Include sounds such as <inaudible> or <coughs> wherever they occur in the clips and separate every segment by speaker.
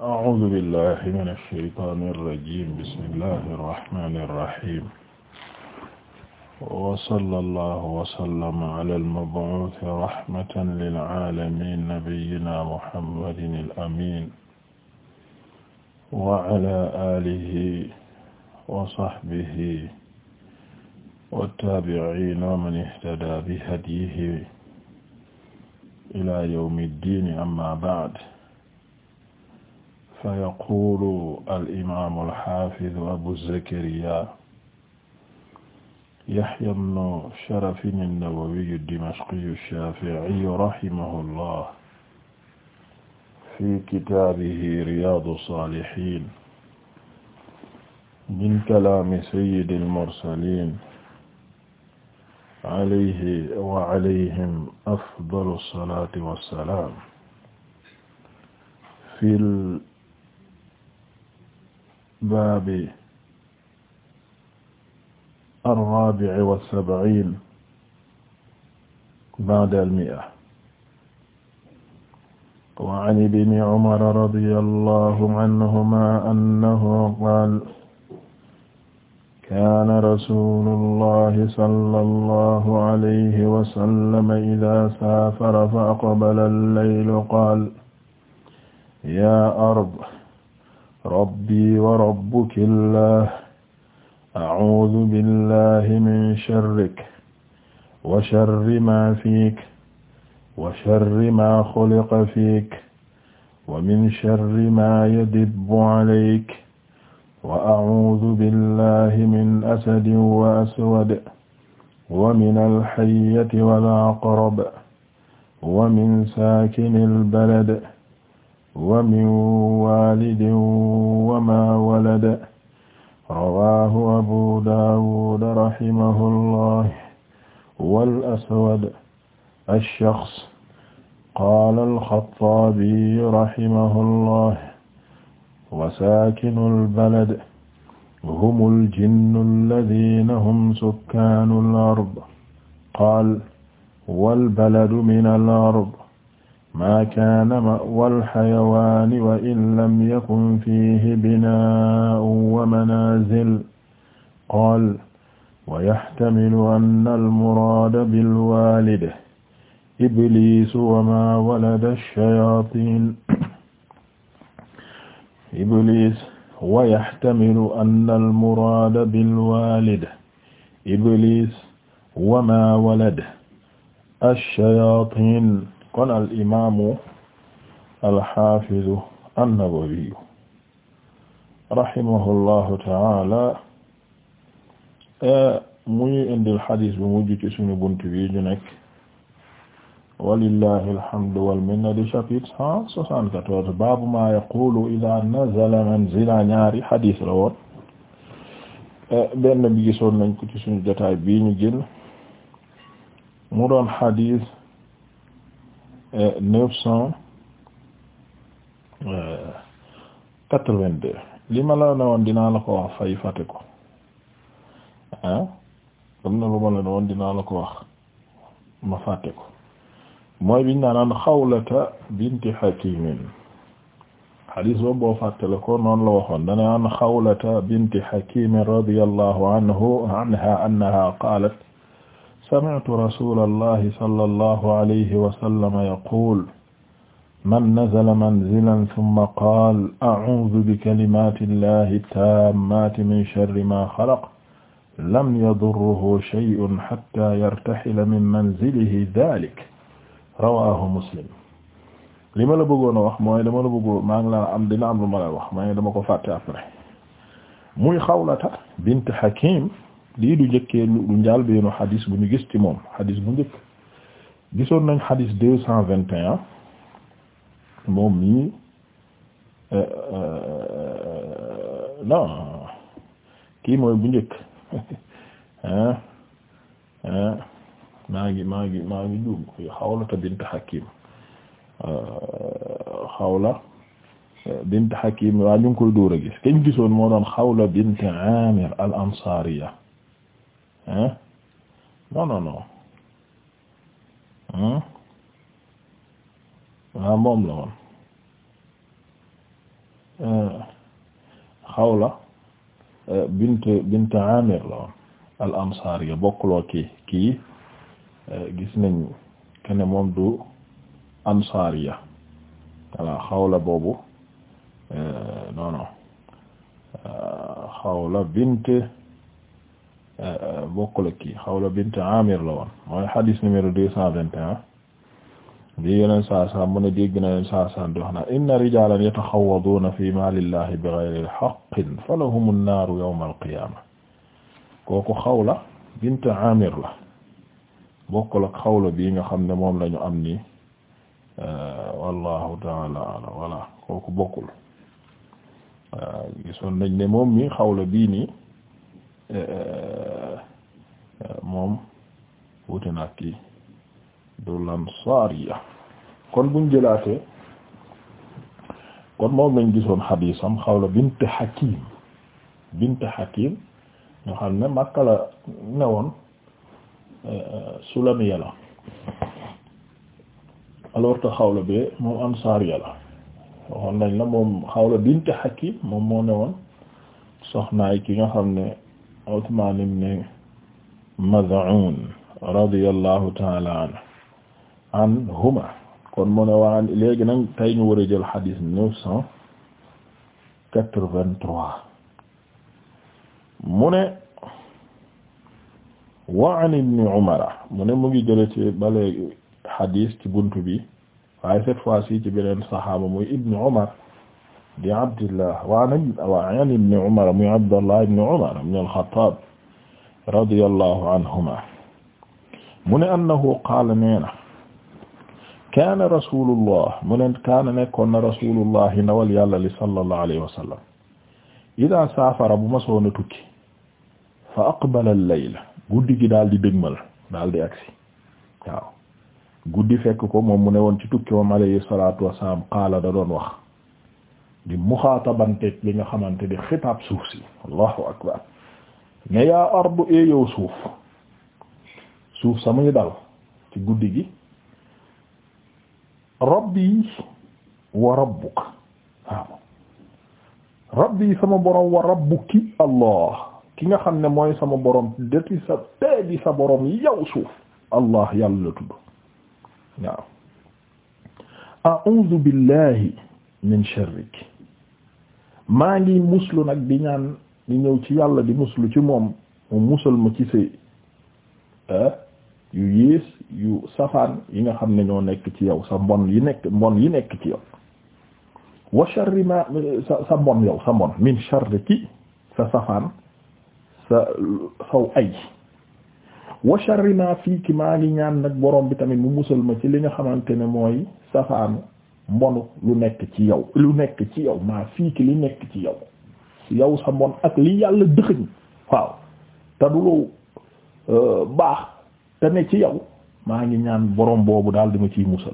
Speaker 1: أعوذ بالله من الشيطان الرجيم بسم الله الرحمن الرحيم وصلى الله وسلم على المبعوث رحمة للعالمين نبينا محمد الأمين وعلى آله وصحبه والتابعين ومن اهتدى بهديه إلى يوم الدين أما بعد فيقول الإمام الحافظ أبو زكريا يحيى بن شرف النووي الدمشقي الشافعي رحمه الله في كتابه رياض الصالحين من كلام سيد المرسلين عليه وعليهم أفضل الصلاة والسلام في baabi arraabi'i wa sab'iin ba'da al-mi'a wa 'an ibni Umara radiyallahu anhumaa annahu qaala kaana rasuulullahi sallallahu alayhi wa sallam idaa saafara fa aqbala al-laylu qaala yaa ard rabbi wa rabbuki llah acuudu billahi min sharrik wa sharri maa fiik wa sharri maa xuliqa fiik wa min sharri maa yadibbu calayk wa acuudu billahi min asadin wa aswad wa min alxayyati wal aqrab wa min saakini albalad wa min walidin wa ma walada rawahu abu dawud rahimahullah wal aswad ash-shakhs qaala al-khattaabi rahimahullah wa saakinu al-balad humu al-jinnu alladhiina hum sukkaanu al-ard qaala wal baladu mina al-ard maa kaana ma'wa alxayawaani wa in lam yakun fiihi binaa'un wa manaazil qaal wa yaxtamilu anna almuraada bilwaalidi ibliisu wa maa walada alshayaatiin ibliis wa yaxtamilu anna almuraada bilwaalidi ibliis wa maa walada alshayaatiin kon al imaamu al xaafidu an-Nawawi e, mu taala muy indil xadis bu mujj ci suñu buntu bi ñu nekk walillahi alhamdu wal minna di chapitre cent soixante-quatorze baabu ma yaqulu ida nazala manzila ñaari xadis la e, benn bi gisoon nañ ko ci suñu jotaay bii ñu génn mu doon xadis neuf cent euh, quatre-vingt-deux li ma la ne woon dinaa la ko wax fay fàtte ko ah am na lu ma la ne woon dinaa la ko wax ma fàtte ko mooy biñ naan xawlata binti hakimin xadiis boobu boo fàtte la ko noonu la waxoon dana an xawlata binti hakimin radiyallahu anhu anha annaha qaalat sami'tu rasulallahi sallallahu alayhi wa sallam yaqul man nazala manzilan thumma qaala a'uudu bikalimaati llahi taammaati min sharri maa xalaq lam yadurruhu shay'un hattaa yartaxila min manzilihi dhaalika rawaahu muslim. li ma la bëggoon a wax mooy dama la bëggoon maa ngi la am dina am lu ma la wax maa ngi dama ko fàtte après muy Xawlata bint Hakiim lii du njëkkee lu njàlbeenu xadis bu ñu gis ci moom xadis bu njëkk gisoon nañ xadis deux cent vingt et un moom mii euh, euh, non kii mooy bu njëkk <laughs> maa ngi maa ngi maa ngi juum xawlata bint Hakim euh, xawla bint Hakim waa ñu ngi koy dóor a gisoon moo doon xawla bint Amir al-Ansariya hein non non non waaw moom la woon Xawla euh, bint bint Amir la woon al ansaariya bokkuloo kii kii euh, gis nañ kene moom du ansaariya voilà Xawla boobu euh, non non Xawla bint bokkul ki kii Xawla bint Amir la woon mooy hadis numéro deux cent vingt et un bi yeneen saa saa mu ne dégg na yeneen saa saa di wax na inna rijalan yataxawaduuna fi maalillahi bi gayri haqqin fa lahum nnaaru yawma alqiyama kooku Xawla bint Amir la bokkul ak Xawla bi nga xam ne moom la ñu am nii euh, wallahu taala ala wala kooku bokkul euh, gisoon ne moom mi Xawla bii nii Eh, eh, eh, moom wuute na ak kii du lansaariya kon buñ jëlaatee kon moom lañ gisoon xadiisam Xawla bint Hakim bint Hakim ñoo xam ne Makka la newoon Sulamiya la alors que Xawla bee moom ansaariya la waxoon nañ la moom Xawla bint Hakim moom moo newoon soxnaay ki nga xam ne Usmaan ibn Maz'uun radiyallahu ta'ala anhuma kon mu ne waan léegi nag tey ñu war a jël xadiis neuf cent quatre-vingt-trois mu ne wa an ibni Umar mu ne mu ngi jële ci bale xadiis ci buntu bi waaye cette fois-ci ci beneen saxaaba muy ibni Umar di Abdillah wa an ibni Umar muy Abdallah ibni Umar ibni al-Khattab radiyallahu anhuma mu ne annahu qaala neena kaana rasulullah mu ne kaana nekkoon na rasulullah ndawal yàlla li sallallahu alayhi wa idaa saafara bu ma soona tukki fa aqbala al guddi gi daal di dëgmal daal di agsi guddi fekk ko moom mu ne woon ci tukki moom alayhi salaatu wa salaam qaala wax di muxaatabanteeg li nga xamante di xitaab suuf si allahu akbar ne yaa ardu e yow suuf suuf samuy dal ci guddi gi rabbi wa rabbuk waaw rabbi sama borom wa rabbuki allah ki nga xam ne mooy sama borom deti sa tee di borom yow suuf allah yàlla la tudd waaw a'udhu billahi min sharrik maa ngi muslu nag di ñaan di ñëw ci yàlla di muslu ci moom mu musal ma ci sëy ah, yu yées yu safaan yi nga xam ne ñoo nekk ci yow sa mbon yi nekk mbon yi nekk ci yow wa sharri ma sa sa mbon yow sa mbon min sharri ki sa safaan sa saw ay wa sharri ma fii ki maa ngi ñaan nag borom bi tamit mu musal ma ci li nga xamante ne mooy safaanu mbonu lu nekk ci yow lu nekk ci yow maa fiiki li nekk ci yow yow sa mbon ak li yàlla dëxëñ waaw te du lu euh, baax te ne ci yow maa ngi ñaan borom boobu daal di ma ciy musal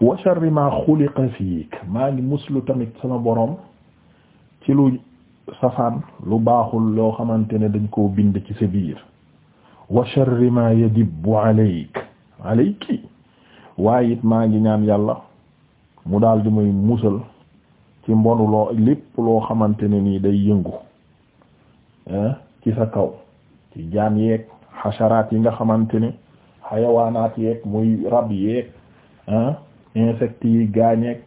Speaker 1: wa sharri ma xuliqa fiik maa ngi muslu tamit sama borom ci lu safaan lu baaxul loo xamante ne dañ koo bind ci sa biir wa sharri ma yadibbu waaye it maa ngi ñaan yàlla mu daal di may musal ci mbonu loo lépp loo xamante ne nii day yëngu ci sa kaw ci jaan yeeg xasaraat yi nga xamante ne xayawaanaat yeeg muy rab yeeg insectes yi gaañeeg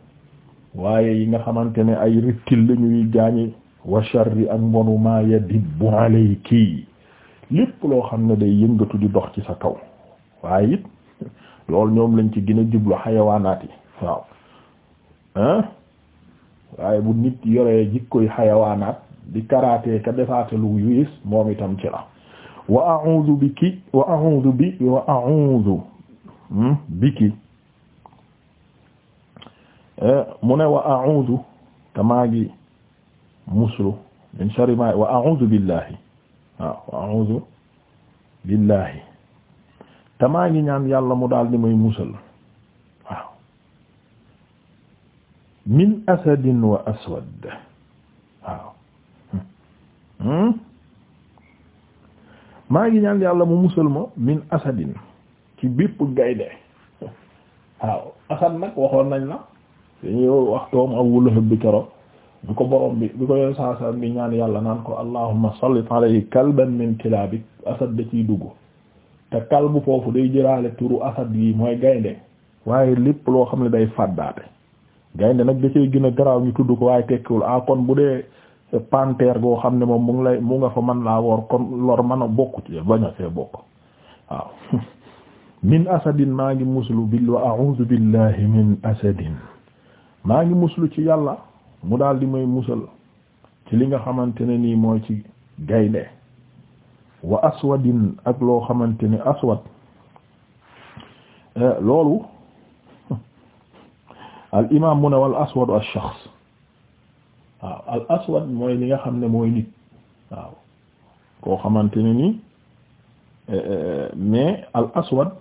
Speaker 1: waaye yi nga xamante ne ay reptiles la ñuy gaañe wa sharri ak mbonu maa yadibbu kii lépp loo xam ne day yëngatu di dox ci sa kaw waaye it <laughs> loolu ñoom lañ ci gën a jublu xayawaanaat yi waaw ah waaye bu nit yoree jikkoy xayawaanaat di karaatee ka defaate lu yiis moom itam ci la wa a'udhu biki wa a'udhu bi wa a'udhu hmm, biki eh, mu ne wa a'udhu te maa ngi muslu min sharri ma wa a'udhu billahi wa a'udhu billahi te maa ngi ñaan yàlla mu daal di may musal min asadin wa aswad waaw hmm? maa ngi ñaan yàlla mu musal ma min asadin ci bépp gaynde waaw asad nag waxoon nañ la dañuy wax doom Abu bi keroog bi ko borom bi bi ko yoon saa bi ñaan yàlla naan ko allahumma sallit alayhi kalban min kilaabik asad da ciy dugg te kalbu foofu day jëlaale turu asad yi mooy gaynde waaye lépp loo xam ne day fàddaate gaynde nag da cee gën a garaaw ñu tudd ko waaye tekkiwul ah kon bu dee panthère goo xam ne moom mu ngi lay nga fa man laa woor kon lor mën a bokk ci bañ a see bokk waaw <laughs> min asadin maa ngi muslu bil wa a'udhu maa ngi muslu ci yàlla mu daal di may musal li nga xamante ne nii mooy ci gaynde wa ak loo xamante ne aswad eh, loolu al imaam mu ne wal aswad al shaxs waaw al aswad mooy li nga xam ne mooy nit waaw koo xamante ne ni eh, eh, eh, mais al aswad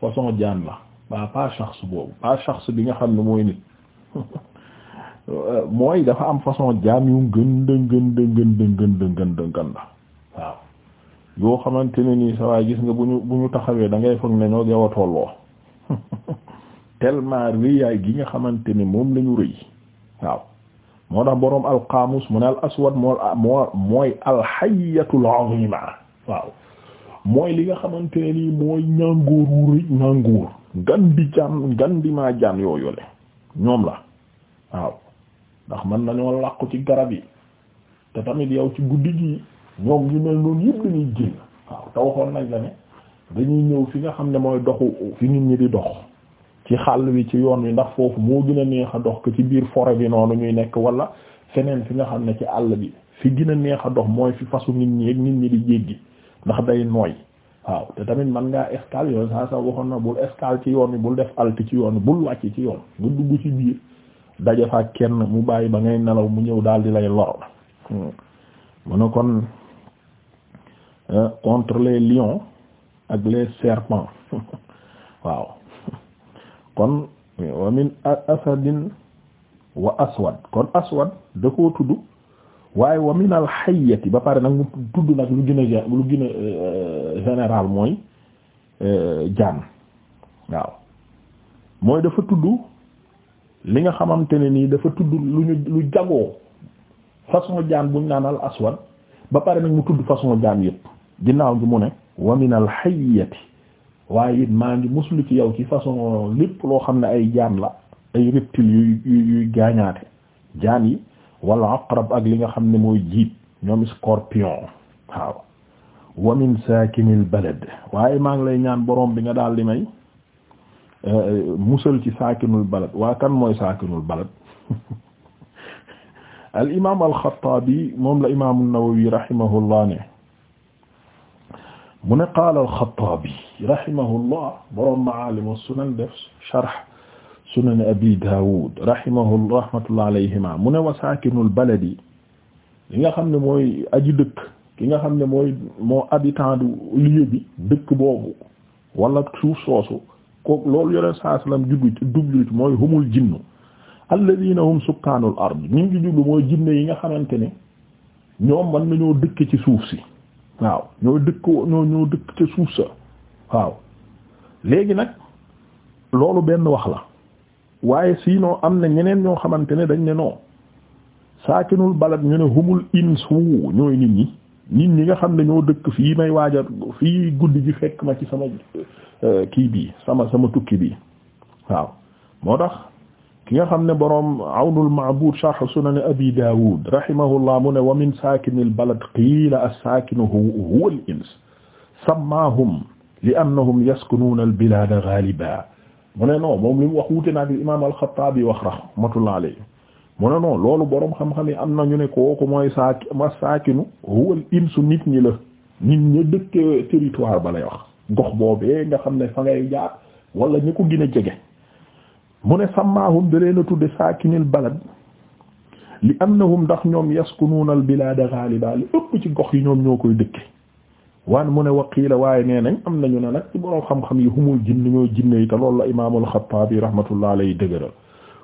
Speaker 1: façon jaan la ba pas shaxs boobu pas shaxs bi nga xam ne mooy nit <laughs> mooy dafa am façon jaan yu gën dë gën dë gën dë gën dë gën dë gën la waaw yoo xamante ne nii sa waaye gis nga bu ñu bu ñu taxawee da ngay foog ne ñoo yow a tolloo <laughs> tellement rëyaay gi nga xamante ne moom lañu rëy waaw moo tax boroom alqaamus mu ne al aswad moo mooy alxayatul azima waaw mooy li nga xamante ne nii mooy ñàngoor wu rëy ñàngoor gan di jaam gan di maa jaam yooyu le ñoom la waaw ndax man nañoo làqu ci garab yi te tamit yow ci guddi gi ñoom ñu mel noonu yëpp dañuy génn waaw te waxoon nañ la ne dañuy ñëw fi nga xam ne mooy doxu fi nit ñi di dox ci xàll wi ci yoon wi ndax foofu moo gën a neex a dox ko ci biir forêt bi noonu ñuy nekk wala feneen fi nga xam ne ci àll bi fi gën a neex a dox mooy fi fasu nit ñi ak nit ñi di jéggi ndax day nooy waaw te tamit man ngaa escale yoon saa saa waxoon na bul escale ci yoon wi bul def alti ci yoon wi bul wàcc ci yoon nga dugg ci biir daje fa kenn mu bàyyi ba ngay nelaw mu ñëw daal di lay lor hmm. mu ne kon euh, contre les lions ak les serpents <laughs> waaw kon wa min asadin wa aswad kon aswad da koo tudd waaye wa min al hayyati ba pare nag mu tudd nag lu gën a lu gën a euh, mooy euh, jaan waaw mooy dafa tudd li nga xamante ne nii dafa tudd lu ñu lu jagoo façon jaan bu naan al aswad ba pare nag mu tudd façon jaan yëpp ginnaaw gi mu ne wa min al hayyati waaye it maa ngi muslu ci yow ci façon lépp loo xam ne ay jaan la ay reptiles yuy yuy gaañaate jaan yi wala aqrab ak li nga xam ne mooy jiit ñoom scorpion waaw wa min saakinil balad waaye maa ngi lay ñaan boroom bi nga daal di may eh, musal ci saakinul balad waa kan mooy saakinul balad <laughs> al imaam al Xattaabi moom la imaam an-Nawawi rahimahullah ne mu ne qaala al-Xattaabi rahimahullah borom Maalimu Sunan def sharh Sunan Abi Daawud rahimahullah rahmatullah alayhima mu ne wa saakinul baladi li nga xam ne mooy aji dëkk ki nga xam ne mooy moo habitant du lieu bi dëkk boobu wala suuf soosu kooku loolu yore saa salaam jublu jublu mooy humul jinnu alladiina hum sukkaanul ard ñu ngi jublu mooy jinne yi nga xamante ne ñoom man nañoo dëkk ci suuf si. waaw ñoo dëkk ñoo dëkk ca suuf sa waaw léegi nag loolu benn wax la waaye noo am na ñeneen ñoo xamante ne dañ ne non saakinul balad ñu ne humul insu ñooy nit ñi nit ñi nga xam ne ñoo dëkk fii may waaja fii guddi ji fekk ma ci sama euh, kii bii sama sama tukki bii waaw moo tax ki nga xam ne boroom awnul ma'bud sharh sunan abi dawud rahimahullah mu ne wa min sakinil balad qiila as-sakinu huwa al-ins sammaahum li annahum yaskunuuna al-bilaada ghaaliban mu ne non moom li mu wax wuute naag li imam al-Xattaabi wax rahmatullah alayhi mu ne non loolu boroom xam-xam yi am nañu ne kooku mooy saaki ma saakinu huwa al-insu nit ñi la nit ñi dëkk territoire ba lay wax gox boobee nga xam ne fa ngay jaar wala ñu ko gën a jege mu ne samaahum da leen a tudde saakinil am na annahum ndax ñoom yaskunuuna al bilaada ghaliba li ëpp ci gox yi ñoom ñoo koy dëkke waan mu ne waqiila waaye nee nañ am nañu ne nag ci boroom xam-xam yi humul jinn ñooy jinne yi te loolu la imaamul xattaabi rahmatullah alayhi dëgëral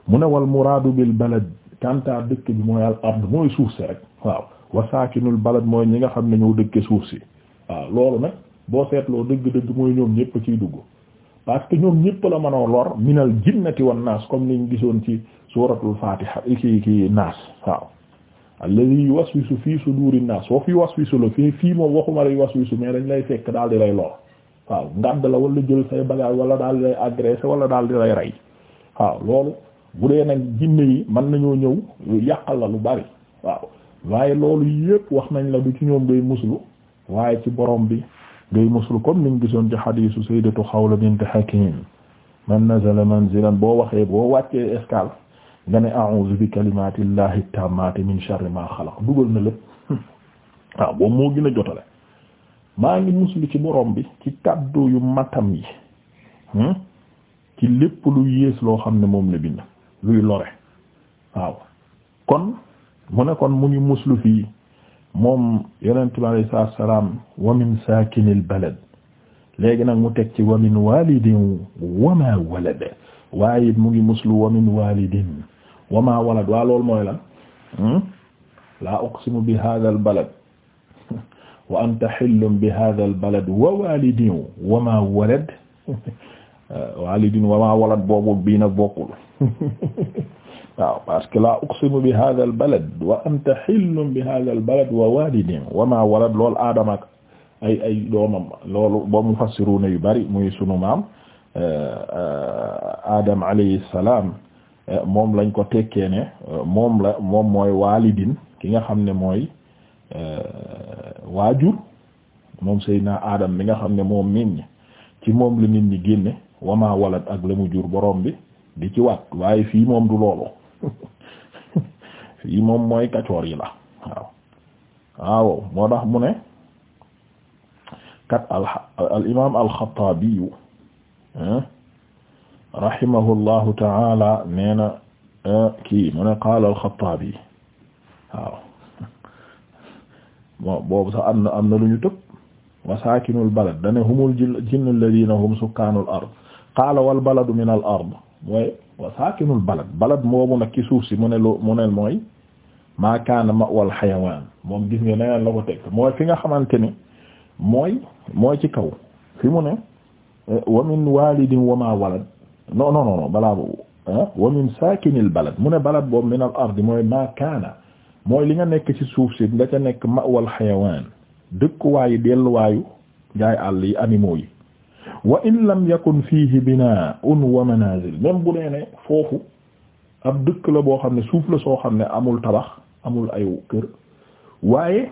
Speaker 1: mu ne wal muraadu bil balad kantaa dëkk bi mooy al mooy suuf si rek waaw wa saakinul balad mooy ñi nga xam ne ñoo dëkke suuf si waaw loolu nag boo seetloo dëgg-dëgg moo ñoom ñépp ciy dugg parce que ñoom ñëpp la mënoo lor minal jinnati wan naas comme niñ gisoon ci suuratul fatiha eh, ci ci naas waaw alladhi yuwaswisu fii su suduurin naas wa fii waswisu la fii fii moom waxuma lay waswisu mais dañ lay fekk daal di lay lor waaw ngàdd la wala jël say bagage wala dal di lay agressé wala dal di lay rey waaw loolu bu dee nag jinne yi man nañoo ñëw yàqal la lu bari waaw waaye loolu yépp wax nañ la du ci ñoom ngay muslu waaye ci borom bi ngay muslu comme niñ gisoon ci hadiisu sayyidatu Xawla bint Hakim man nazala manzilan boo waxee boo wàccee escale nga ne a'uuzu bi kalimaatillahi taammaati min sharri maa xalaq dugal na lépp waaw <laughs> ah, boobu moo gën a jotale maa ngi muslu ci borom bi ci kàddu yu matam yi hmm? ci lépp lu yées loo xam ne moom la bind luy lore waaw kon mu ne kon mu ngi muslu fii moom yonent bi alayhi salaatu salaam wa min saakinil balad léegi nag mu teg ci wa min walidin wa ma walad waaye it mu ngi muslu wa min walidin wa ma walad waa loolu mooy lan hmm? laa uqsimu bi haadhal balad <laughs> wa anta hillun bi haadhal balad wa walidin wa ma walad <laughs> walidin wa ma walad boobu bii nag bokkul <laughs> waaw parce que la uqsimu bi hadha balad wa anta hillun bi hadha al balad wa walidin wa ma walad lool aadama ak ay ay doomam loolu ba mu fassiruna yu bari muy sunu maam eh, eh, adam alayhi salaam eh, moom lañ ko tekkee ne moom la moom mooy walidin ki nga xam ne mooy waajur moom Seydina Adam mi nga xam ne moom miin ñi ci moom la nit ñi génne wamaa walad ak la mu jur borom bi di ci waat waaye fii moom du loolu fii <laughs> moom mooy kacoor yi moo tax mu ne kat al imaam al Xattaabi rahimahullahu taala nee na eh, kii mu ne al Xattaabi waaw <laughs> boobu sax am na am na lu ñu tëb wa saakinul balad dane humul jinnu ard qaala wal baladu min al ard wa saakinul balad balad moomu nag ci suuf si mu ne loo mu ne mooy maa kaana ma wal xayawaan moom gis nga neneen la ko teg mooy fi nga xamante ni mooy mooy ci kaw fi mu ne eh, wa min walidin wa ma walad non non non balaa boobu eh, wa min saakinil balad mu ne balad boobu min al ardi mooy maa kaana mooy li nga nekk ci suuf si nga ca nekk ma wal xayawaan dëkkuwaayu delluwaayu jaay àll yi animaux yi wa in lam yakun fiihi binaa'un wa manaazil même bu nee ne foofu ab dëkk la boo xam ne suuf la soo xam ne amul tabax amul ay kër waaye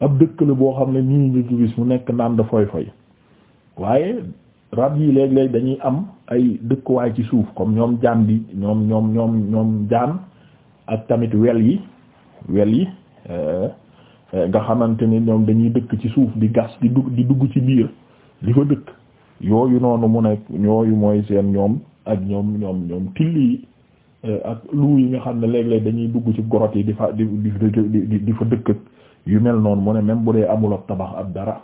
Speaker 1: ab dëkk la boo xam ne nii nga gis mu nekk naan da foy foy waaye rab yi léeg-léeg dañuy am ay dëkkuwaay ci suuf comme ñoom jaan bi ñoom ñoom ñoom ñoom jaan ak tamit wel yi wel yi euh, euh, nga xamante ni ñoom dañuy dëkk ci suuf di gas di dugg di dugg ci biir di ko dëkk yooyu noonu mu nekk ñooyu mooy seen ñoom ak ñoom ñoom ñoom tilli yi eh, ak lu yi nga xam ne léeg-léeg dañuy dugg ci gorot yi di fa di di di fa dëkk yu mel noonu mu ne même bu dee amul ab tabax ab dara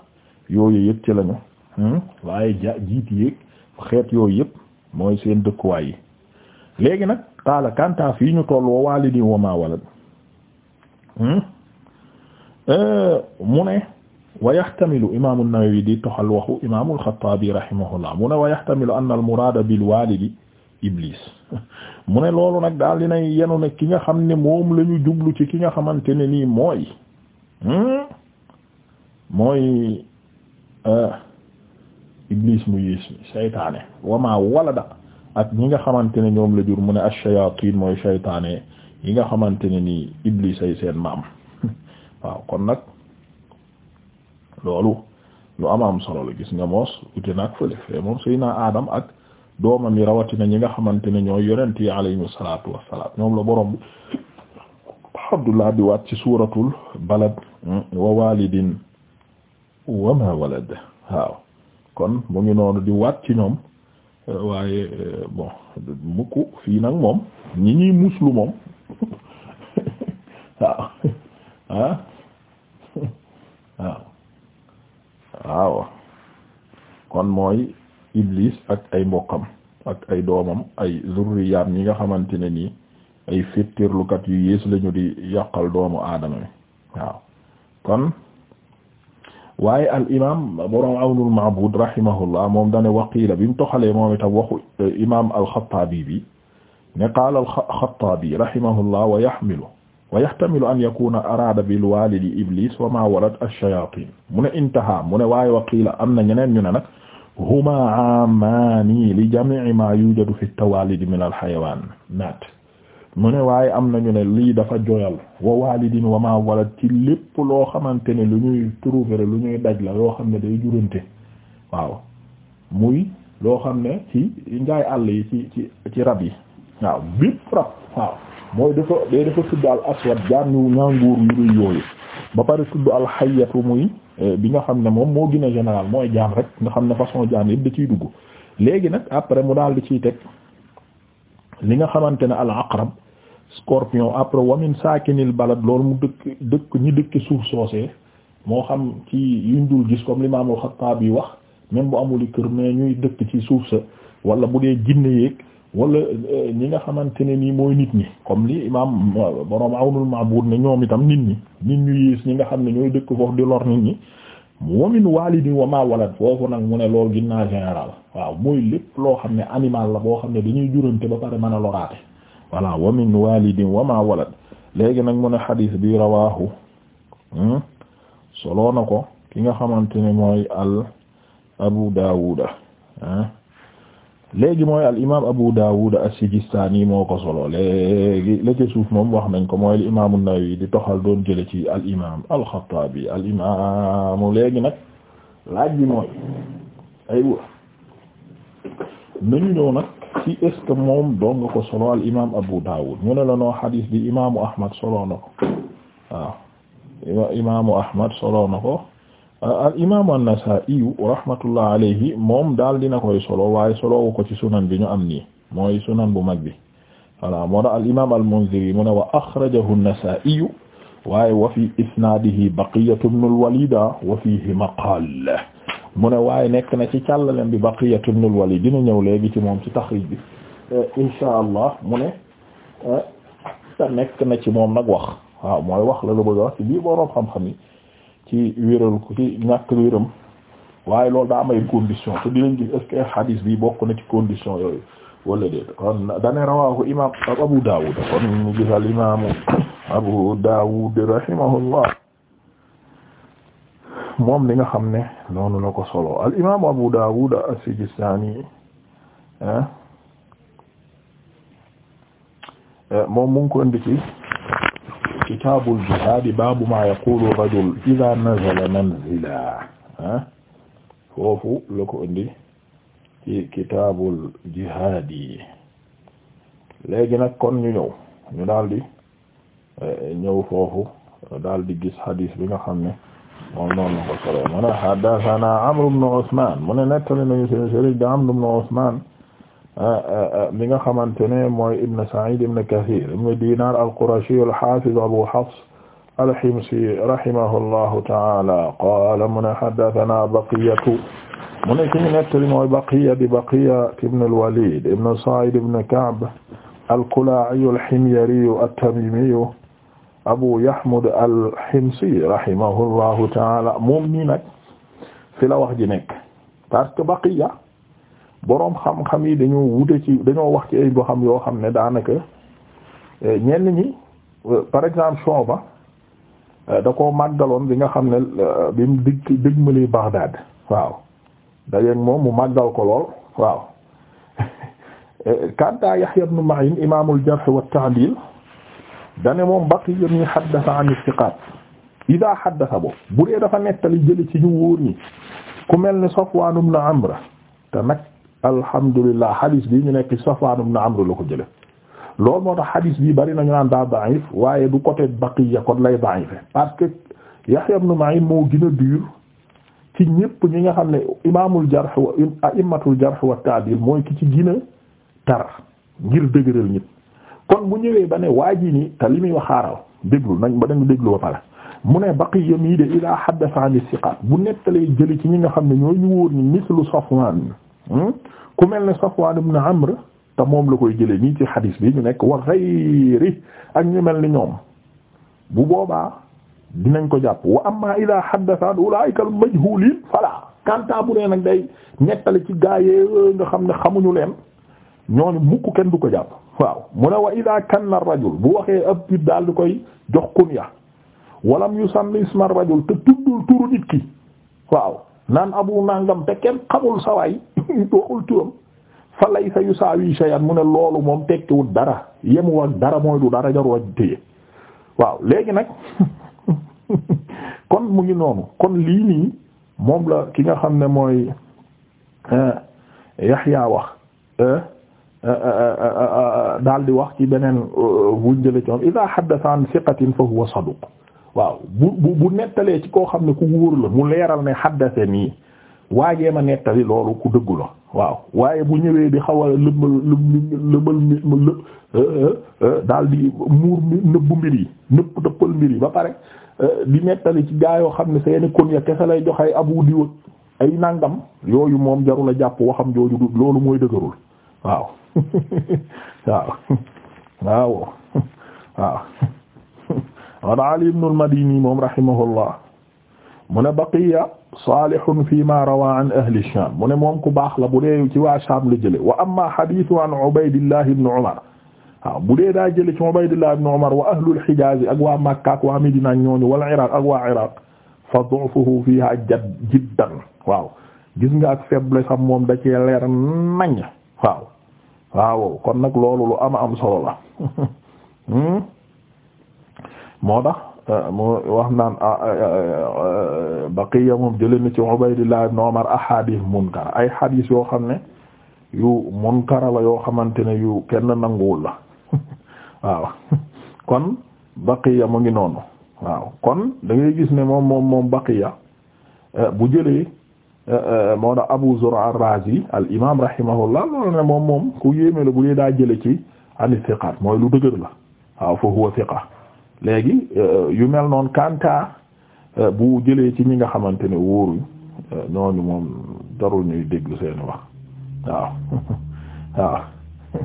Speaker 1: yooyu yëpp ci lañu hmm? waaye ja jiit yéeg xeet yooyu yëpp mooy seen dëkkuwaay yi léegi nag xaala kantaa fii ñu toll wa walidi wa ma walad hmm? eh, mu ne wa yaxtamilu imaamu Nawawi di toxal waxu imaamu al-Xattaabi rahimahullah mu ne wa yaxtamilu anna al-muraada bil waalidi Iblis <laughs> mu ne loolu nag daal dinay yenu ne ki nga xam ne moom la ñu jublu ci ki nga xamante ne nii mooy hmm? mooy euh, Iblis mu yées mi saytaane wama walada ak ñi nga xamante ne ñoom la jur mu ne ash-shayaatiin mooy saytaane yi nga xamante ne nii Iblis seen maam <laughs> kon nag. loolu lu am am solo la gis nga moos ute naag fële fee moom Seydina Adam ak doomam yi rawatina ñi nga xamante ne ñooy yonent yi alayhimu salaatu wassalaam ñoom la borom bi Abdullah di waat ci suuratul balad hmm, wa walidin wa ma walad waaw kon mu ngi noonu di waat ci ñoom waaye eh, bon mukk fii nag moom ñi ñuy muslu moom <laughs> waaw <laughs> ah <laughs> waaw kon mooy iblis ak ay mbokkam ak ay doomam ay zurriyaam ñi nga xamante ne nii ay fittirlukat yu yées lañu di yàqal doomu aadama mi kon waaye al imaam borom awnul ma'bud rahimahullah moom dane bi mu toxalee moom itam waxu imaam al-Xattaabi bi ne qaala al-Xattaabi rahimahullah wa wa yahtamilu an yakuna araada bi walidi iblis wa ma walad mu ne intaha mu ne waaye wa qiila am na ñeneen ñu ne nag huma aamaani li jami'i ma yujadu fi tawalidi min al-xayawaan naat mu ne waaye am nañu ne lii dafa joyal wa walidin wa ma walad ci lépp loo xamante ne lu ñuy trouver lu ñuy daj la yoo xam ne day jurante waaw muy loo xam ne ci njaay àll yi ci ci ci rab yi mooy dafa day dafa tudd al aswad jaan yu ñanguur yu rëy yooyu ba pare tudd al xayatu muy eh, bi nga xam ne moom moo gën a général mooy jaan rek nga xam ne façon jaan yëpp da ciy dugg léegi nag après mu daal di ciy teg li nga xamante ne al aqrab scorpion après wamin saakinil balad loolu mu dëkk dëkk ñi dëkk suuf soosee moo xam ci yuñ dul gis comme li ma l'imam al yi wax même bu amul kër mais ñuy dëkk ci suuf sa wala bu dee jinne yeeg wala euh, ñi nga xamante ne nii mooy nit ñi comme li imaam euh, borom awnul ma'bud ne ñoom itam nit ñi nit ñu yiis ñi nga xam ne ñooy dëkk foofu di lor nit ñi wamin walidi wa ma walad foofu nag mu ne lool ginnaa général waaw mooy lépp loo xam ne animal la boo xam ne dañuy jurante ba pare man a loraate voilà wamin walidi wa ma walad léegi nag mu ne xadiis bi rawaahu hmm? solo na ko ki nga xamante ne mooy al abu daawuda ah hmm? léegi mooy al imaam Abu Dawud as-Sijistani moo ko solo léegi la suuf moom wax nañ ko mooy al imaam an di toxal doon jële ci al imaam al-Khattabi al imaam léegi nag laaj bi mooy aywa nañu ñëw nag ci est moom doon ko solo al imaam Abu Dawud mu ne la noo xadiis bi imaamu Ahmad solo na ko waaw imaamu Ahmad solo na ko. al imaamu an-Nasaa'i rahmatullah alayhi moom daal dina koy solo waaye solowu ko ci sunan bi ñu am nii mooy sunan bu mag bi voilà moo tax al imaam al-Munziri mu ne wa axrajahu an-Nasaa'i waaye wa fi isnaadihi baqiyatu ibn al-Walid wa fiihi maqaal mu ne waaye nekk na ci càllalen bi baqiyatu ibn al-Walid dina ñëw léegi ci moom ci taxriij bi eh, inshaa Allah mu ne eh, nekk na ci moom nag wax mooy wax la lu bëgg wax ci biir boroom xam-xam yi ci wéral ko ci ñàkk wéram waaye loolu daa am condition te dinañ gis est-ce que hadis bi bokk na ci condition yooyu wala déet kon dane rawahu imam Abu Dawud kon ñu gis al imam Abu Dawud rahimahullah moom li nga xam ne noonu la ko solo al imam Abu Dawud as-Sijistani ah, eh, moom mu ko indi kitaabul jihaad baabu maa yaqulu rajul idaa nazala manzila ah foofu la indi ci kitaabul jihaad yi léegi nag kon ñu ñëw ñu daldi eh, ñëw foofu daldi gis hadis bi nga xam ne moom noonu la ko solo mu ne haddasanaa Amr ibn Usmaan mu ne nettali nañu seen sëriñ bi Amr ibn Usmaan Ah, ah, ah, mi nga xamante ne mooy Ibn Sa'id Ibn Kathir Ibn Dinar al-Qurashi al-Hafiz Abu Hafs al-Himsi rahimahullahu ta'ala qala mu ne haddathana Baqiyatu mu ne ki ñu nettali mooy Baqiya di Baqiya ibn al-Walid ibn Sa'id ibn Ka'b al-Kula'i al-Himyari at-Tamimi Abu Yahmud al-Himsi rahimahullahu ta'ala moom nii nag fi la wax ji nekk parce que Baqiya boroom xam-xam yi dañoo wute ci dañoo wax ci ay boo xam yoo xam ne daanaka eh, ñenn ñi euh, par exemple Shuba euh, da koo màggaloon bi nga xam ne euh, bi mu dëkk dëgmali Baghdad waaw dajeeg moom mu màggal ko lool waaw <laughs> eh, kanta Yahya ibn Ma'in imaamul jarh wa ta'dil dane moom baqi ibn haddatha an thiqat ida haddatha bo bu dee dafa nettali jëli ci ñu wóor ñi ku mel ni Safwan ibn Amr te nag alhamdulillah hadis bi ñu nekk na am Amr la ko jële loolu moo tax hadis bi bari nañu naan daa da'if waaye du côté baqiya kon lay da'if parce que Yahya ibn Ma'in moo gën a dur ci ñëpp ñi nga xam ne imaamul jarh wa a'immatul jarh wa ta'dil mooy ki ci gën a tar ngir dëgëral ñëpp kon bu ñëwee ba ne waa ji ni te li muy wax xaaral déglu nañ ba dañu déglu ba pare mu ne baqiya mii de ila haddatha an siqat bu nettalee jëli ci ñi nga xam ne ñooy ñu wóor Hmm? ku mel ne Safwan na Amr te moom la koy jëlee nii ci xadis bi ñu nekk wa xayri ak ñu mel ni ñoom bu boobaa dinañ ko jàpp wa amma ida haddatha ulaika al majhulin fala kanta bu nee nag day nettali ci gaayee nga xam ne xamuñu leen ñooñu mukk kenn du ko jàpp waaw mu ne wa ida kanna rajul bu waxee ab bi daal di koy jox ya walam yusanni isma rajul te tuddul turu nit ki waaw naan abu nangam te kenn xamul sawaay waxul <laughs> turam fa laysa yusaawi shay'an mu ne loolu moom tekkiwul dara yemu ak dara mooy du dara jaru ak téye waaw léegi nag <laughs> kon mu ngi noonu kon lii nii moom la ki nga xam ne mooy eh, Yaxya wax eh, eh, daal di wax ci beneen wuñ jële ci moom idaa haddatha an thiqatin fa huwa saduq waaw bu bu bu nettalee ci koo xam ne ku wóor la mu leeral ne xaddase nii waajee ma nettali loolu ku dëggu la waaw waaye bu ñëwee di xaw a lëmbal lëmbal lëmbal euh, euh, euh, daal di muur nëbbu mbir yi nëpp dëppal mbir yi ba pare di nettali ci gaa yoo xam ne seeni kon ya kese lay joxe abu diw ay nangam yooyu moom jarul a jàpp waxam jooju du loolu mooy dëgërul waaw <laughs> waaw waaw <laughs> waaw. an ali ibn al-madini moom rahimahullah mu ne baqiya fi ma rawa an ahli sham mu ne moom ku baax la bu dee ci waa sham la jële wa a hadithu an ubaydillah ibn umar bu dee daa jële ci ubaydillah ibn umar wa ahlul hijaz ak waa makka ak waa medina ñooñu wal iraq ak waa iraq fa du'fuhu fiha jiddan waaw ak faiblesse am moom da cee leer nañ waaw waaw kon nag loolu lu ama am solo la <laughs> hmm? moo tax euh, mu wax naan ah, euh, euh, Baqiya moom jëlee na ci Ubaydillah ibn Umar ahadith munkar ay hadith yoo xam ne yu munkara la yoo xamante ne yu kenn nanguwul la <laughs> waaw kon Baqiya mu ngi noonu waaw kon dangay gis ne moom moom moom Baqiya bu jëlee moo tax Abu Zur'a ar-Razi al imaam rahimahullah loolu ne moom moom ku yéeme la bu dee daa jëlee ci ani thiqat mooy lu dëgër la waaw fa huwa thiqa léegi euh, yu mel noon kanta euh, bu jëlee ci ñi nga xamante ne wóoruñ euh, ñooñu moom darul ñuy déglu seeni wax waaw <laughs> waaw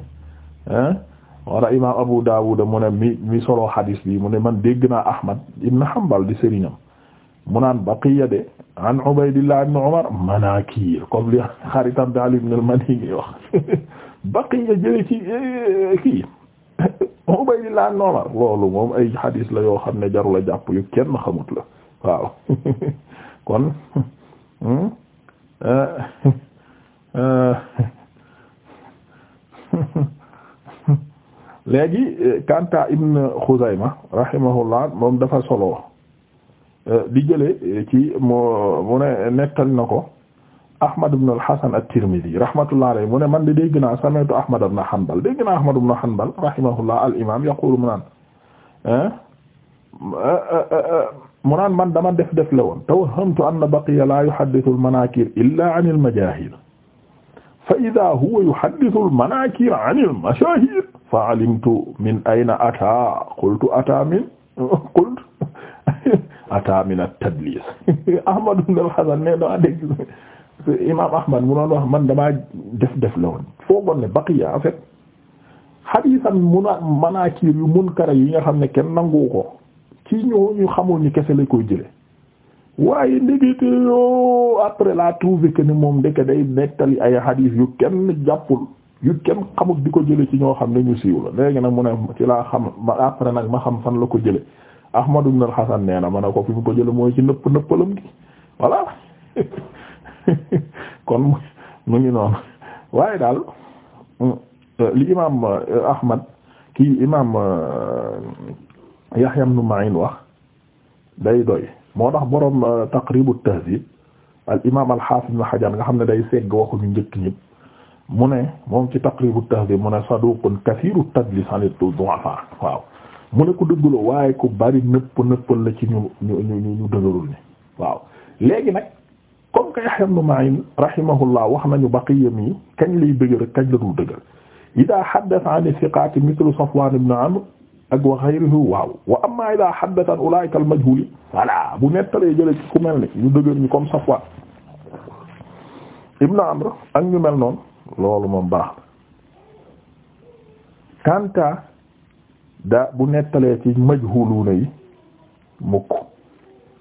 Speaker 1: <laughs> hein wala imam Abu Dawud mu ne mi mi solo hadis bi mu ne man dégg naa Ahmad ibn Hanbal di sëriñam mu naan baqiya de an Ubaydillah ibn Umar manakir comme li xaritam daal ibn yi madini wax <laughs> baqiya jëlee ci eh, kii Ubaydillah <laughs> noomar loolu moom ay xadiis la yoo xam ne jarul a jàpp yu kenn xamut la waaw <laughs> kon <laughs> hmm? eh, eh, léegi eh, kanta ibn Xuzayma rahimahullah moom dafa solo di jële ci mu mu ne nettal na ko Ahmad ibn al-Hasan at-Tirmidhi rahmatullah alayhi mu ne man de dégg naa sami'tu Ahmad ibn Hanbal dégg naa Ahmad ibn Hanbal rahimahullah al-imam yaqulu mu naan mu naan man dama def def la woon tawahhamtu anna baqiya la yuhaddithu al-manakir illa an al-majahir fa idha huwa yuhaddithu al-manakir an al-mashahir fa alimtu min ayna ata qultu ata min qultu <laughs> ata min at-tadlis <laughs> Ahmad ibn al-Hasan ne imaam Ahmad mu doon wax man damaa def def la woon foogoon ne baqiya en fait xadiisam mun a manaakiir yu munkara yi nga xam ne kenn nangu ko ci ñooñu xamul ñu kese la koy jële waaye ndegete yoo après la trouvé que ni moom ndeke day nettali ay xadiis yu kenn jàppul yu kenn xamul di ko jële ci ñoo xam ne ñu siiw la léegi nag mu ne ci laa xam ma après nag ma xam fan la ko jële Ahmad ibn al-Hasan nee na ma ne ko fi mu ko jële mooy ci nëpp nëppalam gi voilà <laughs> <laughs> kon mu ngi noonu waaye daal mm, euh, li imaam euh, Ahmad kii imaam euh, Yahya ibn Ma'in wax day doy moo tax borom Taqrib at-Tahdhib al imaam al-Hafiz na Hajar nga xam ne day segg waxu ñu njëkk ñëpp mu ne moom ci Taqrib at-Tahdhib mu ne saduqun kathiru at-tadlis an ad-du'afa waaw mu ne ku dëgguloo waaye ku bari nëpp nëppal la ci ñu ñu ñu ñu dëgërul ni waaw léegi nag. comme que Yahya ibn Ma'in wax nañu Baqiyya mi kañ lay dëgër kañ la dul dëgër ida haddatha an thiqaati mithlu Safwan ibn Amr ak wa ghayrihi wa amma ida haddatha an ulaa'ika al majhuuli bu nettalee jële ci ku mel ni ñu dëgër ñu comme Safwan ibn Amr ak ñu mel noonu loolu moom baax kanta da bu nettalee ci majhuuluuna yi mukk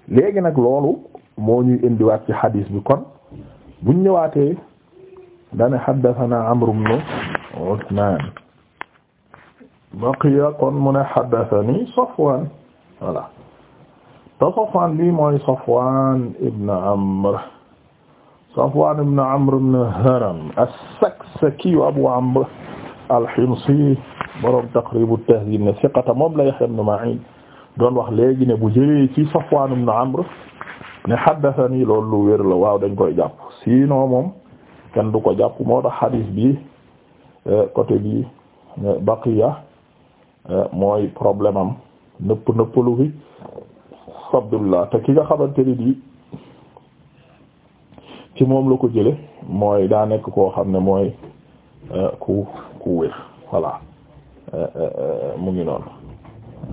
Speaker 1: léegi nag loolu moo ñuy indiwaat ci xadiis bi kon buñ ñëwaatee dane xaddathana amru ibnu usman baqiya kon mu ne xaddathani safwan voilà te safwan bi mooy safwan ibn amr safwan ibn amr ibn haram as-saksaki abu amr al-himsi taqrib at-tahdhib ne siqata moom la yahya ibn ma'in doon wax léegi ne bu jëlee ci safwan ibn amr ne haddathani loolu lu wér la waaw dañ koy jàpp sinon moom kenn du ko jàpp moo tax hadith bi euh, côté bi euh, baqiya euh, mooy problème am nëpp nëppalu fi sabdullah te ki nga xamante ni di ci moom la ko jële mooy daa nekk koo xam ne mooy ku ku wér voilà mu ngi noonu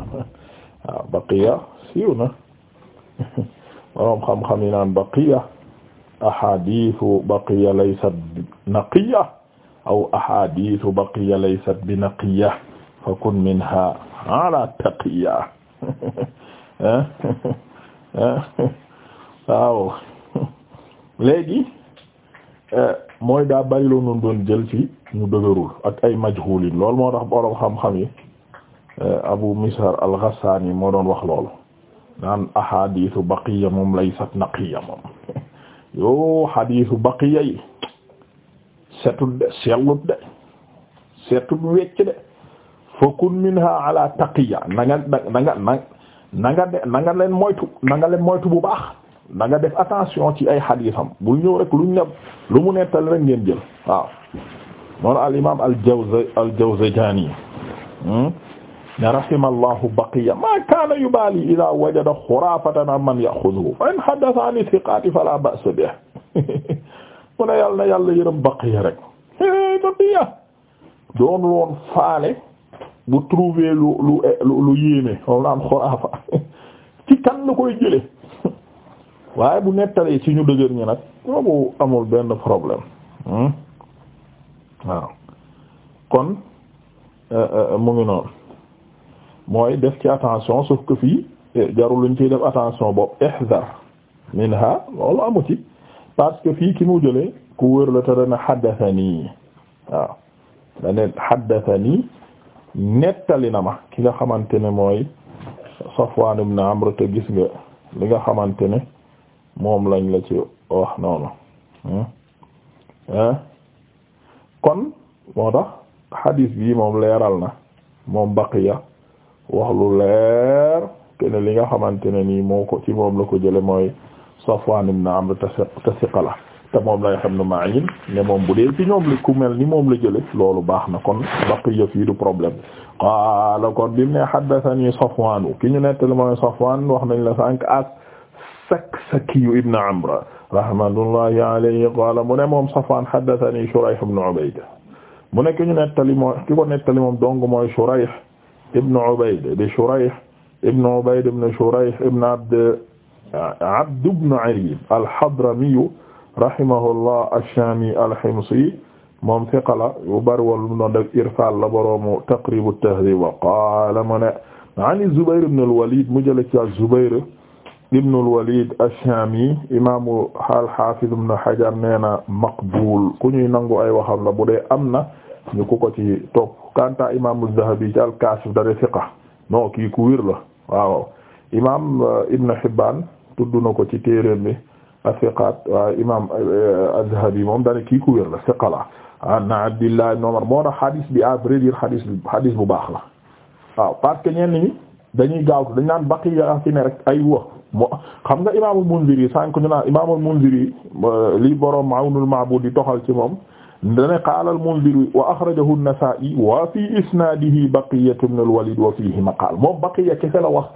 Speaker 1: <laughs> waaw baqiya siiw na <laughs> boroom xam-xam yi naan baqiya ahadithu baqiya laysat bi naqiya aw ahadithu baqiya laysat bi naqiya fa kun minha ala taqiya <laughs> waaw léegi mooy daa bari lu ñu doon jël ci ñu dëgërul ak ay majhulin lool moo tax boroom xam-xam yi Abu Misar al-Ghassani moo doon wax lool naan ahadisu baqiya moom laysat naqiya moom yoo hadisu baqiya yi setut de sellut de setut wecc de fakun minha ala taqiya na nga na nga na na na nga leen moytu bu baax na nga def attention ci ay xadiisam bul ñëw rek luñ ne lu mu nettal rek ngeen jël waaw noonu al imam al jawza al ne rahimallahu baqiya ma kaana yubaali idaa wajada xuraafatan amman yaxuduhu fa in haddasa an thiqaati fala ba'sa bihi <laughs> mu ne yàlla na yàlla yërëm baqiya rek baqiya doon loon faale bu trouver lu lu lu yéeme naan xuraafa <laughs> ci kan la koy jële <laughs> waaye bu nettalee ci ñu dëgër ñi nag boobu amul benn problème hmm? waaw kon euh, euh, mu ngi noonu mooy def ci attention sauf que fii eh, jarul luñ ciy def attention boobu ihdar minha loolu amu ci parce que fii ki mu jële ku wër la te dana haddathani waaw dana haddathani nettali na ma ki nga xamante ne mooy Safwan ibn Amr te gis nga li nga xamante ne moom lañ la ci wax noonu hmm? eh? kon moo tax hadis bi moom leeral na moom baqiya wax lu leer kene li nga xamante ne nii moo ko ci moom la ko jële mooy Safwan ibn Amr te siqa la te moom lay xam ne Ma'in ne moom bu dee ci ñoom la ku mel ni moom la jële loolu baax na kon baqiya fii du problème qaala kon bimu ne haddathani Safwan ki ñu nettali mooy Safwan wax nañ la sànq as saki ibn Amr rahmatullahi alayhi qaala mu ne moom Safwan haddathani Shurayh ibn Ubayda mu ne ki ñu nettali mooy ki ko nettali moom dong mooy Shurayh ibn Ubayd di Shurayh ibn Ubayd ibn Shurayh ibn Abd Abd ibn Arib al-Hadrami rahimahullah ash-Shami al-Himsi moom thiqa la yu bari woon lu mu doon def irsaal la boroomu Taqrib at-Tahdhib wa qaala mu ne an az-Zubayr ibn al-Walid mu jële ci az-Zubayr ibn al-Walid ash-Shami imaamu al-Hafiz ibn Hajar nee na maqbul ku ñuy nangu ay waxam la bu dee am na ñu ko ko ci topp kanta imam az-Zahabi ci al-Kaashif dare siqa non kii ku wér la waaw imam eh, Ibn Hibbaan tudd na ko ci téereem bi as-siqaat waaw imam eh, az-Zahabi moom dane kii ku wér la siqa la an Abdillah ibn Umar moo tax bi à vrai dire xadis xadis bu baax la waaw parce que ñenn ñi dañuy gaawtu dañ naan baqi yaa fi rek ay wax moo xam nga imaamul Munziri sànq ñu naan imaamul Munziri eh, li borom Awnul Ma'bud di toxal ci moom dana qaala al-Mundhiri wa akhrajahu an-Nasaa'i wa fi isnaadihi Baqiyyatu ibn al-Walid wa fiihi maqaal moom Baqiyya kese la wax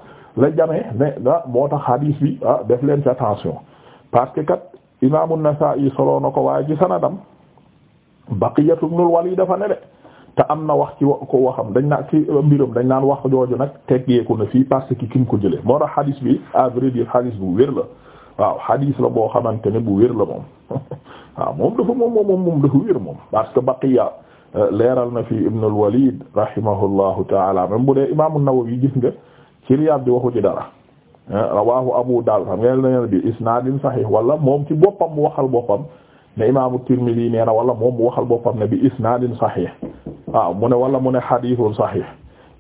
Speaker 1: la jamee ne moo tax hadith bi ah def leen ci attention parce que kat imaam an-Nasaa'i solo na ko waaye ci sanadam Baqiyyatu ibn al-Walid dafa ne de te am na wax ci ko waxam dañ naan ci mbiram dañ naan wax jooju nag teggeeku na fi parce que ki mu ko jëlee moo tax hadith bi à vrai dire hadith bu la. waaw hadis la boo xamante ne bu wér la moom <laughs> waaw moom dafa moom moom moom dafa wér moom parce que baqiya euh, leeral na fi Ibn al-Walid rahimahullahu taala même bu dee imaamu Nawawi gis nga ci Riyad bi waxu ci dara rawahu Abu Daawud xam nga ne bi isnaadin sahih wala moom ci boppam mu waxal boppam ne imaamu Tirmidhi nee na wala moom mu waxal boppam ne bi isnaadin sahih waaw mu ne wala mu ne hadithun sahih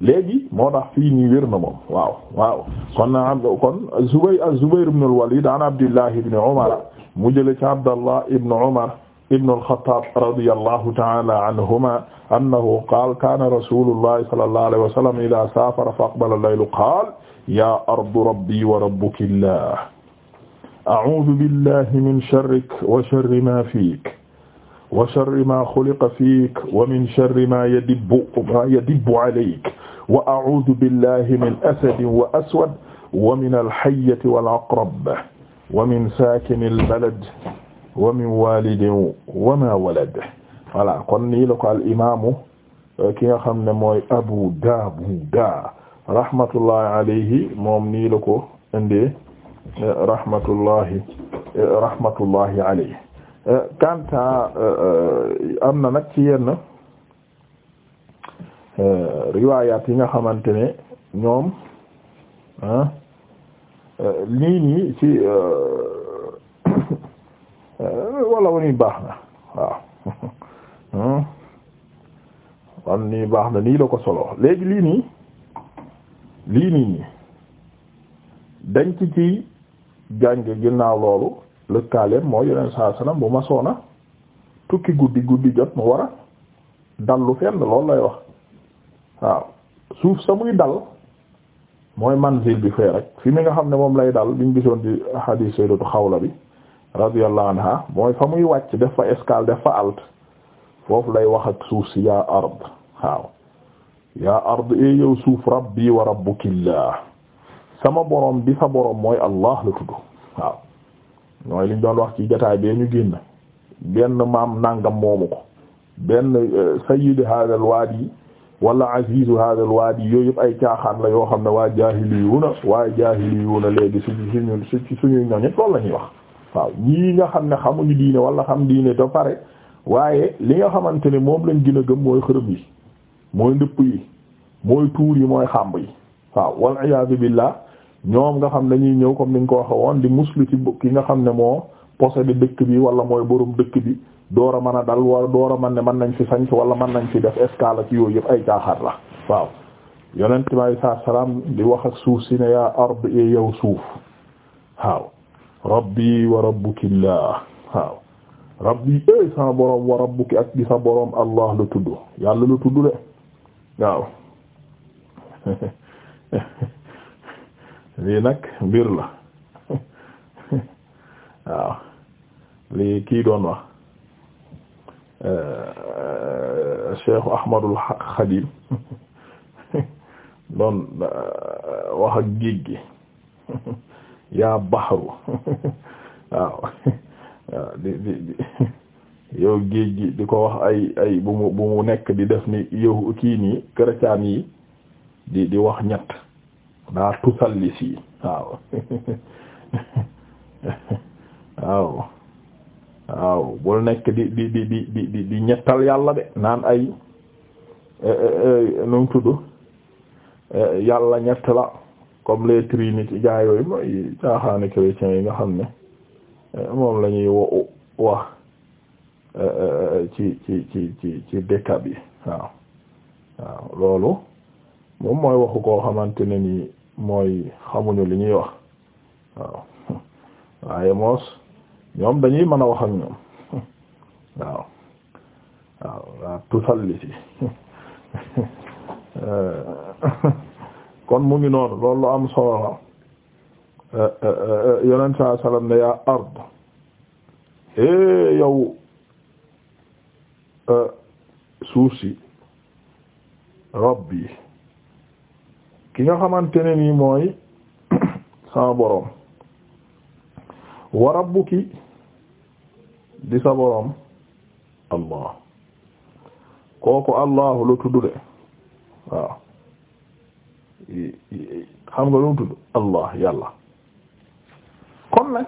Speaker 1: léegi moo tax fii nii wér na moom waaw waaw kon kon Zubayr az-Zubayr ibn al-Walid an Abdullah ibn Umar mu jële ci Abdallah ibn Umar ibn al-Khattab radiyallahu ta'ala anhuma annahu qaala kaana rasulullahi sallallahu alayhi wa sallam idha safara faqbala al-layla qaala ya ardu rabbi wa rabbuki llah a'udhu billahi min sharrika wa sharri ma fik wa sharri ma xuliqa fiik wa min sharri ma yadibbu ma yadibbu alayk wa a'uudu billahi min asadin wa aswad wa min alhayyati wal aqrab wa min saakinil balad wa min waalidin wa ma walad voilà kon nii la ko al imaamu euh, ki nga xam ne mooy Abu Daawuda rahmatullahi alayhi moom nii la ko indee euh, rahmatullahi euh, rahmatullahi alayhi kanta eh, eh, am na nag ci yenn eh, riwaayaat yi nga xamante ne ñoom ah, lii nii ci <coughs> wala woni baax na waaw <laughs> hmm? wan nii baax na nii la ko solo léegi lii nii lii nii nii dañ ci ci jànge ginnaaw loolu lëkkaaleem moo yeneen saa salaam bu ma soona tukki guddi guddi jot mu war a dallu fenn loolu lay wax waaw suuf sa muy dal mooy manzil bi fee rek fi mi nga xam ne moom lay dal bi ñu gisoon di hadith sayyidatu xawla bi radiyallahu anha mooy fa muy wàcc def fa escale def fa alt foofu lay wax ak suuf si yaa ard waaw yaa ard e yow suuf rabbi wa rabbukillah sama borom bi sa borom mooy allah la tudd waaw mooy liñ doon wax ci jotaay bee ñu génn benn maam nangam moomu ko benn euh, sayyid hadha alwaadi wala azizu hadha alwaadi yooy yëpp ay caaxaan la yoo xam ne waa jaahiliyuuna waa jaahiliyuuna léegi su suñu su suñuy ñoñu loolu la ñuy wax waaw ñii nga xam ne xamuñu diine wala xam diine te pare waaye li nga xamante ne moom lañ gin a gëm mooy xërëm yi mooy ndëpp yi mooy tuur yi mooy xàmb yi waaw wal iyaadu billah ñoom nga xam dañuy ñëw comme ni nga ko waxe woon di muslu ci ki nga xam ne moo possédé dëkk bi wala mooy borom dëkk bi door a a dal wa door a ne mën nañ fi sanc wala mën nañ fi def escale ci yooyu yëpp ay caaxaar la waaw yonent bi alai salatua salaam di wax ak suuf si ne yaa ard e eh, yow suuf waaw rabbi wa rabbukillah waaw rabbi e sa borom wa ak di sa borom allah la tudd yàlla la tudd de waaw <laughs> lii nag mbir la <laughs> waaw lii kii doon wax euh, Cheikh Ahmadul Xadim <laughs> doon euh, wax ak géej gi <laughs> yaa baxaru waaw di di di yow géej gi di ko wax ay ay bu mu bu mu nekk di def ni yow kii nii chrétien yi di di wax ñett daa tusallisi waaw waaw waaw bul nekk di di di di ñettal yàlla de naan ay eh, eh, eh, nu mu tudd yàlla ñett la comme les trinités gaa yooyu mooy caaxaane chrétiens yi nga xam ne moom la ñuy wo wax ci ci ci ci ci déca bi waaw loolu moom mooy waxu koo xamante ne ni mooy xamuñu li ñuy wax waaw waaye moos ñoom dañuy mën a wax ak ñoom <laughs> waaw waaw waa <laughs> eh, <laughs> kon mu ngi noonu loolu lu am solo eh, eh, yonent saa salaam ne yaa ard suuf si yi ki nga xamante ne nii mooy <clears throat> sama boroom wa rabbuki di sa boroom allah kooku allah lu tudd de waaw xam nga lu tudd allah yàlla kon nag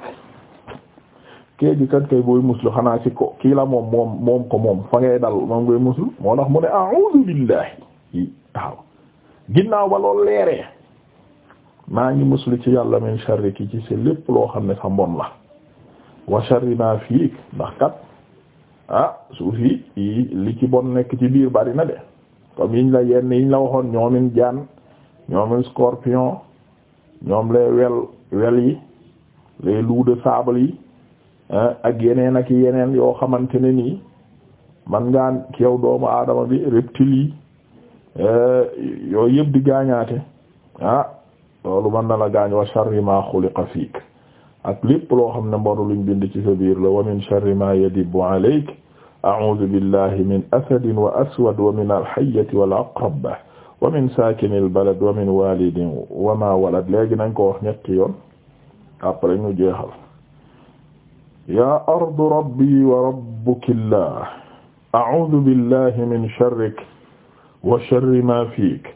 Speaker 1: kee gi kat kay booy muslu xanaa ci ko kii la moom moom moom ko moom fa ngay dal moom ngay muslu moo tax mu ne a'udhu billahi waaw ginnaaw ba loolu leeree maa ngi muslu ci yàlla min sharri ki ci si lépp loo xam ne sa mbon la wa sharri ma fiik ndax kat ah suuf yi li ci bon nekk ci biir bari na de comme yiñ la yenn yiñ la waxoon ñoomin jaan ñoomin scorpion ñoom les wel wel yi les loups de sable yi ah, ak yeneen ak yeneen yoo xamante ne nii man ngaan yow doomu aadama bi reptiles yi Eh, yooyu yëpp di gaañaate ah loolu mën na la gaañ wa sharri ma xuliqa fiik ak lépp loo xam ne mboru luñ bind ci sa biir la wa min sharri ma yadibu alayk a'udhu billahi min asadin wa aswad wa min alhayyati wal aqrab wa min sakinil balad wa min walidin wa ma walad léegi nañ ko wax ñetti yoon après ñu jeexal ya ardu rabbi wa rabbuki llah a'udhu billahi min sharrik wa sharri ma fiik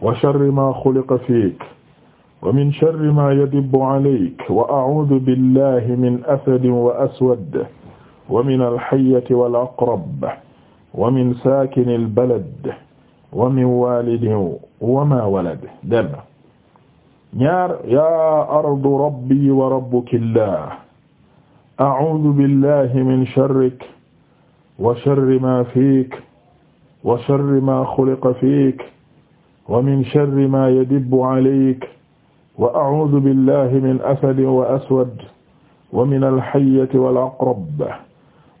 Speaker 1: wa sharri ma xuliqa fiik wa min sharri ma yadibbu alayk wa a'uudu billahi min asadin wa aswad wa min alhayyati wal aqrab wa min saakini albalad wa min waalidin wa ma walad denn ñaar yaa ardu rabbi wa rabbuki llah a'uudu billahi min sharrik wa sharri ma fiik wa sharri maa xuliqa fiik wa min sharri maa yadibbu alayk wa a'uudu billahi min asadin wa aswad wa min alhayyati wal aqrab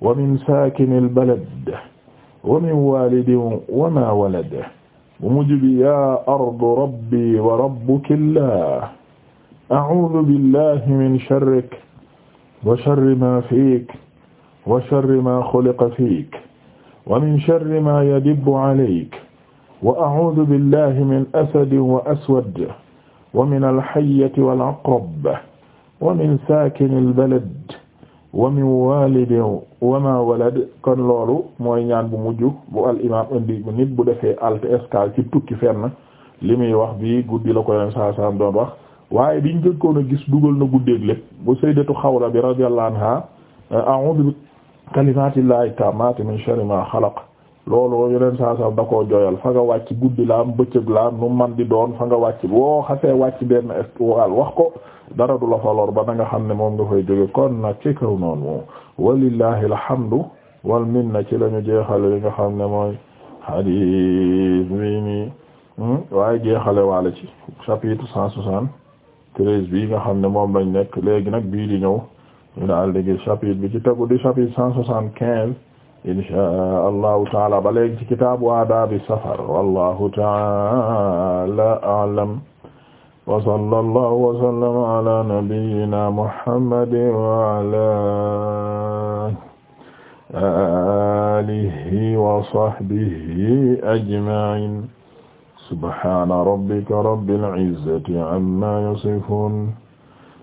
Speaker 1: wa min saakinil balad wa min waalidin wa maa walad bu mujj bi yaa ardu rabbi wa rabbuki llaah a'uudu billahi min sharrik wa sharri maa fiik wa sharri maa xuliqa fiik wa min sharri maa yadibbu alayk wa a'uudu min asadin wa aswad wa min alhayyati wal aqrab wa min saakinil balad wa walad kon loolu mooy ñaan bu mujj bu al imaam indi nit bu defee halte escale ci tukki fenn li muy wax bi guddi la ko yeneen saa wax waaye biñ njëkkoon gis dugal na guddeeg lépp bu sayyidatu Xawla bi radiyallahu anha kalimatillahi tammati min sharri ma xalaq loolu yeneen saa saa da koo jooyal fa nga wàcc guddi laam bëccëg laam nu man di doon fa nga wàcc boo xasee wàcc benn waal wax ko dara du la fa lor ba na nga xam ne moom nga fay jóge kon nag ci kaw noonu walillahi alhamdu wal minna ci lañu jeexale li nga xam ne mooy hadith bii nii hmm? waaye jeexale waale ci chapitre cent soixante treize bii nga xam ne moom lañ nekk léegi nag bii di ñëw ñu daal di gis chapitre bi ci tegu di chapitre cent soixante quinze inshaa allahu taala ba léegi ci kitaabu aadaabi safar wallahu taala a'lam wa sallallahu wa sallama ala nabiyyina muhammadin wa ala alihi wa sahbihi ajma'in subhana rabbika rabbil izzati amma yasifun